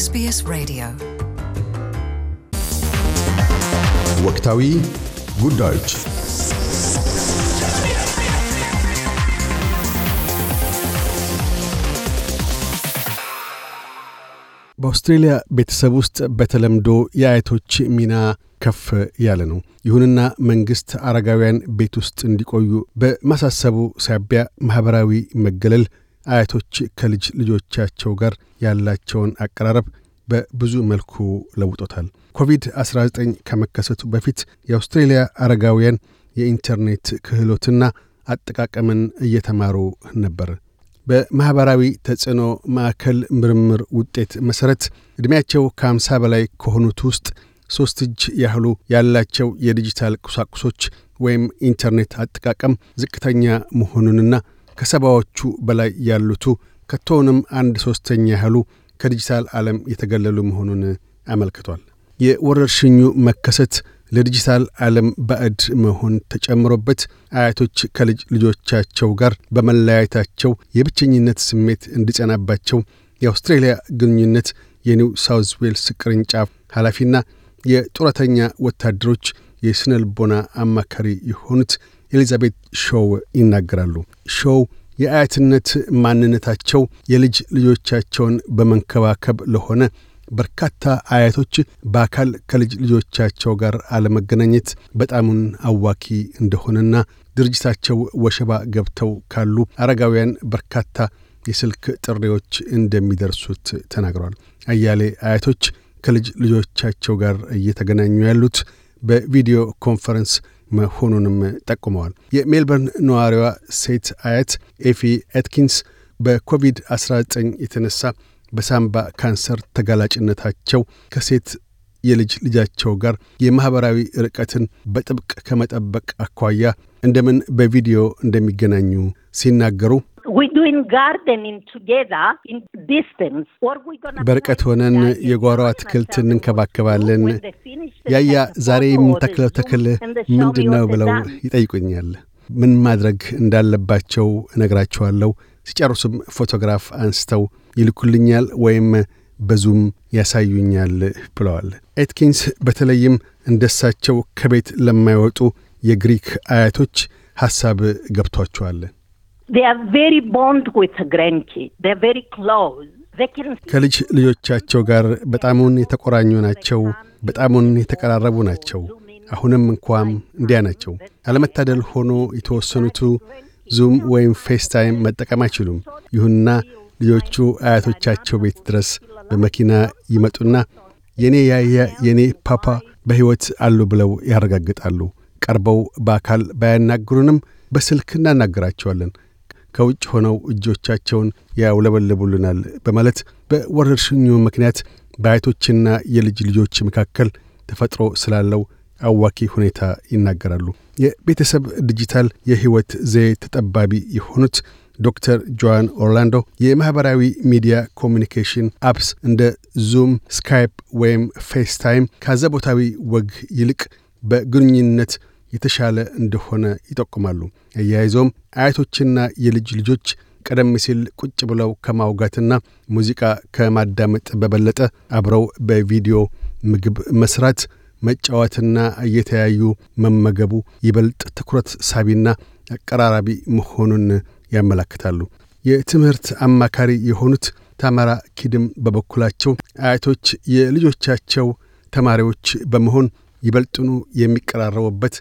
ኤስቢኤስ ሬዲዮ ወቅታዊ ጉዳዮች በአውስትሬልያ ቤተሰብ ውስጥ በተለምዶ የአያቶች ሚና ከፍ ያለ ነው። ይሁንና መንግሥት አረጋውያን ቤት ውስጥ እንዲቆዩ በማሳሰቡ ሳቢያ ማኅበራዊ መገለል አያቶች ከልጅ ልጆቻቸው ጋር ያላቸውን አቀራረብ በብዙ መልኩ ለውጦታል። ኮቪድ-19 ከመከሰቱ በፊት የአውስትሬልያ አረጋውያን የኢንተርኔት ክህሎትና አጠቃቀምን እየተማሩ ነበር። በማኅበራዊ ተጽዕኖ ማዕከል ምርምር ውጤት መሠረት ዕድሜያቸው ከ50 በላይ ከሆኑት ውስጥ ሦስት እጅ ያህሉ ያላቸው የዲጂታል ቁሳቁሶች ወይም ኢንተርኔት አጠቃቀም ዝቅተኛ መሆኑንና ከሰባዎቹ በላይ ያሉቱ ከቶውንም አንድ ሦስተኛ ያህሉ ከዲጂታል ዓለም የተገለሉ መሆኑን አመልክቷል። የወረርሽኙ መከሰት ለዲጂታል ዓለም ባዕድ መሆን ተጨምሮበት አያቶች ከልጅ ልጆቻቸው ጋር በመለያየታቸው የብቸኝነት ስሜት እንዲጸናባቸው የአውስትሬልያ ግንኙነት የኒው ሳውዝ ዌልስ ቅርንጫፍ ኃላፊና የጡረተኛ ወታደሮች የስነ ልቦና አማካሪ የሆኑት ኤሊዛቤት ሾው ይናገራሉ። ሾው የአያትነት ማንነታቸው የልጅ ልጆቻቸውን በመንከባከብ ለሆነ በርካታ አያቶች በአካል ከልጅ ልጆቻቸው ጋር አለመገናኘት በጣሙን አዋኪ እንደሆነና ድርጅታቸው ወሸባ ገብተው ካሉ አረጋውያን በርካታ የስልክ ጥሪዎች እንደሚደርሱት ተናግረዋል። አያሌ አያቶች ከልጅ ልጆቻቸው ጋር እየተገናኙ ያሉት በቪዲዮ ኮንፈረንስ መሆኑንም ጠቁመዋል። የሜልበርን ነዋሪዋ ሴት አያት ኤፊ ኤትኪንስ በኮቪድ-19 የተነሳ በሳምባ ካንሰር ተጋላጭነታቸው ከሴት የልጅ ልጃቸው ጋር የማኅበራዊ ርቀትን በጥብቅ ከመጠበቅ አኳያ እንደምን በቪዲዮ እንደሚገናኙ ሲናገሩ በርቀት ሆነን የጓሮ አትክልት እንንከባከባለን። ያያ ዛሬ የምንተክለው ተክል ምንድን ነው ብለው ይጠይቁኛል። ምን ማድረግ እንዳለባቸው እነግራቸዋለሁ። ሲጨርሱም ፎቶግራፍ አንስተው ይልኩልኛል ወይም በዙም ያሳዩኛል ብለዋል ኤትኪንስ። በተለይም እንደሳቸው ከቤት ለማይወጡ የግሪክ አያቶች ሐሳብ ገብቷቸዋል። they are very bond with They are very close. ከልጅ ልጆቻቸው ጋር በጣሙን የተቆራኙ ናቸው። በጣሙን የተቀራረቡ ናቸው። አሁንም እንኳም እንዲያ ናቸው። አለመታደል ሆኖ የተወሰኑቱ ዙም ወይም ፌስታይም መጠቀም አይችሉም። ይሁንና ልጆቹ አያቶቻቸው ቤት ድረስ በመኪና ይመጡና የእኔ ያያ የእኔ ፓፓ በሕይወት አሉ ብለው ያረጋግጣሉ። ቀርበው በአካል ባያናግሩንም በስልክ እናናግራቸዋለን። ከውጭ ሆነው እጆቻቸውን ያውለበልቡልናል በማለት በወረርሽኙ ምክንያት በአያቶችና የልጅ ልጆች መካከል ተፈጥሮ ስላለው አዋኪ ሁኔታ ይናገራሉ። የቤተሰብ ዲጂታል የህይወት ዘዬ ተጠባቢ የሆኑት ዶክተር ጆዋን ኦርላንዶ የማኅበራዊ ሚዲያ ኮሚኒኬሽን አፕስ እንደ ዙም፣ ስካይፕ ወይም ፌስታይም ካዘቦታዊ ወግ ይልቅ በግንኙነት የተሻለ እንደሆነ ይጠቁማሉ። አያይዘውም አያቶችና የልጅ ልጆች ቀደም ሲል ቁጭ ብለው ከማውጋትና ሙዚቃ ከማዳመጥ በበለጠ አብረው በቪዲዮ ምግብ መስራት፣ መጫወትና እየተያዩ መመገቡ ይበልጥ ትኩረት ሳቢና አቀራራቢ መሆኑን ያመላክታሉ። የትምህርት አማካሪ የሆኑት ታማራ ኪድም በበኩላቸው አያቶች የልጆቻቸው ተማሪዎች በመሆን ይበልጥኑ የሚቀራረቡበት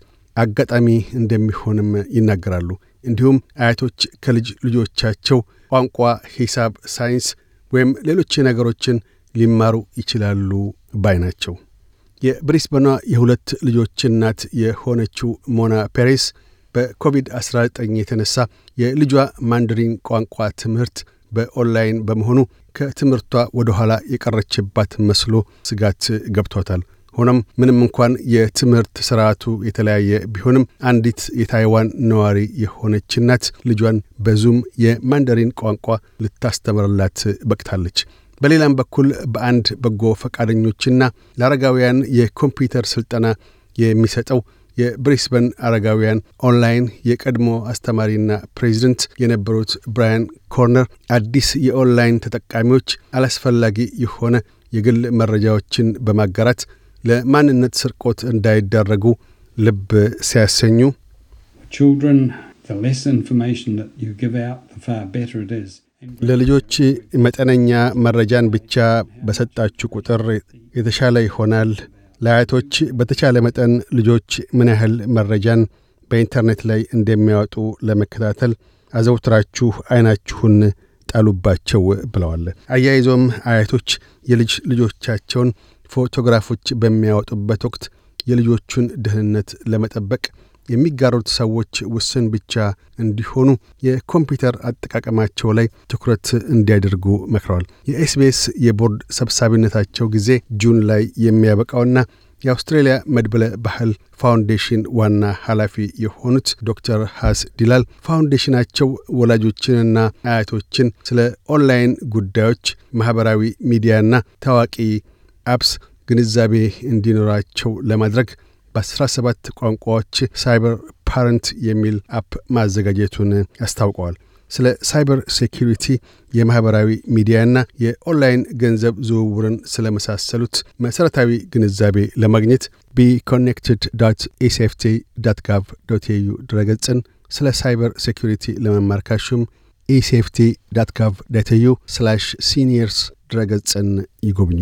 አጋጣሚ እንደሚሆንም ይናገራሉ። እንዲሁም አያቶች ከልጅ ልጆቻቸው ቋንቋ፣ ሂሳብ፣ ሳይንስ ወይም ሌሎች ነገሮችን ሊማሩ ይችላሉ ባይ ናቸው። የብሪስበኗ የሁለት ልጆች እናት የሆነችው ሞና ፔሬስ በኮቪድ-19 የተነሳ የልጇ ማንደሪን ቋንቋ ትምህርት በኦንላይን በመሆኑ ከትምህርቷ ወደ ኋላ የቀረችባት መስሎ ስጋት ገብቷታል። ሆኖም ምንም እንኳን የትምህርት ስርዓቱ የተለያየ ቢሆንም አንዲት የታይዋን ነዋሪ የሆነች እናት ልጇን በዙም የማንደሪን ቋንቋ ልታስተምርላት በቅታለች። በሌላም በኩል በአንድ በጎ ፈቃደኞችና ለአረጋውያን የኮምፒውተር ስልጠና የሚሰጠው የብሪስበን አረጋውያን ኦንላይን የቀድሞ አስተማሪና ፕሬዚደንት የነበሩት ብራያን ኮርነር አዲስ የኦንላይን ተጠቃሚዎች አላስፈላጊ የሆነ የግል መረጃዎችን በማጋራት ለማንነት ስርቆት እንዳይዳረጉ ልብ ሲያሰኙ ለልጆች መጠነኛ መረጃን ብቻ በሰጣችሁ ቁጥር የተሻለ ይሆናል። ለአያቶች በተቻለ መጠን ልጆች ምን ያህል መረጃን በኢንተርኔት ላይ እንደሚያወጡ ለመከታተል አዘውትራችሁ አይናችሁን ጣሉባቸው ብለዋል። አያይዞም አያቶች የልጅ ልጆቻቸውን ፎቶግራፎች በሚያወጡበት ወቅት የልጆቹን ደህንነት ለመጠበቅ የሚጋሩት ሰዎች ውስን ብቻ እንዲሆኑ የኮምፒውተር አጠቃቀማቸው ላይ ትኩረት እንዲያደርጉ መክረዋል። የኤስቢኤስ የቦርድ ሰብሳቢነታቸው ጊዜ ጁን ላይ የሚያበቃውና የአውስትሬልያ መድብለ ባህል ፋውንዴሽን ዋና ኃላፊ የሆኑት ዶክተር ሃስ ዲላል ፋውንዴሽናቸው ወላጆችንና አያቶችን ስለ ኦንላይን ጉዳዮች፣ ማኅበራዊ ሚዲያና ታዋቂ አፕስ ግንዛቤ እንዲኖራቸው ለማድረግ በ17 ቋንቋዎች ሳይበር ፓረንት የሚል አፕ ማዘጋጀቱን አስታውቀዋል። ስለ ሳይበር ሴኪሪቲ የማኅበራዊ ሚዲያና የኦንላይን ገንዘብ ዝውውርን ስለመሳሰሉት መሠረታዊ ግንዛቤ ለማግኘት ቢኮኔክትድ ዶት ኤስኤፍቲ ዶት ጋቭ ዶት ኤዩ ድረገጽን ስለ ሳይበር ሴኪሪቲ ለመማር ካሹም ኢሴፍቲ ጋቭ ዶት ስላሽ ሲኒየርስ ድረገጽን ይጎብኙ።